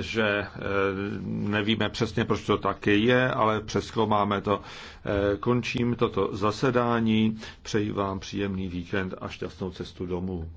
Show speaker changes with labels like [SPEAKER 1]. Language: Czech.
[SPEAKER 1] že eh, nevíme přesně, proč to taky je, ale přeskoumáme to. Eh, končím toto zasedání. Přeji vám příjemný víkend a šťastnou cestu domů.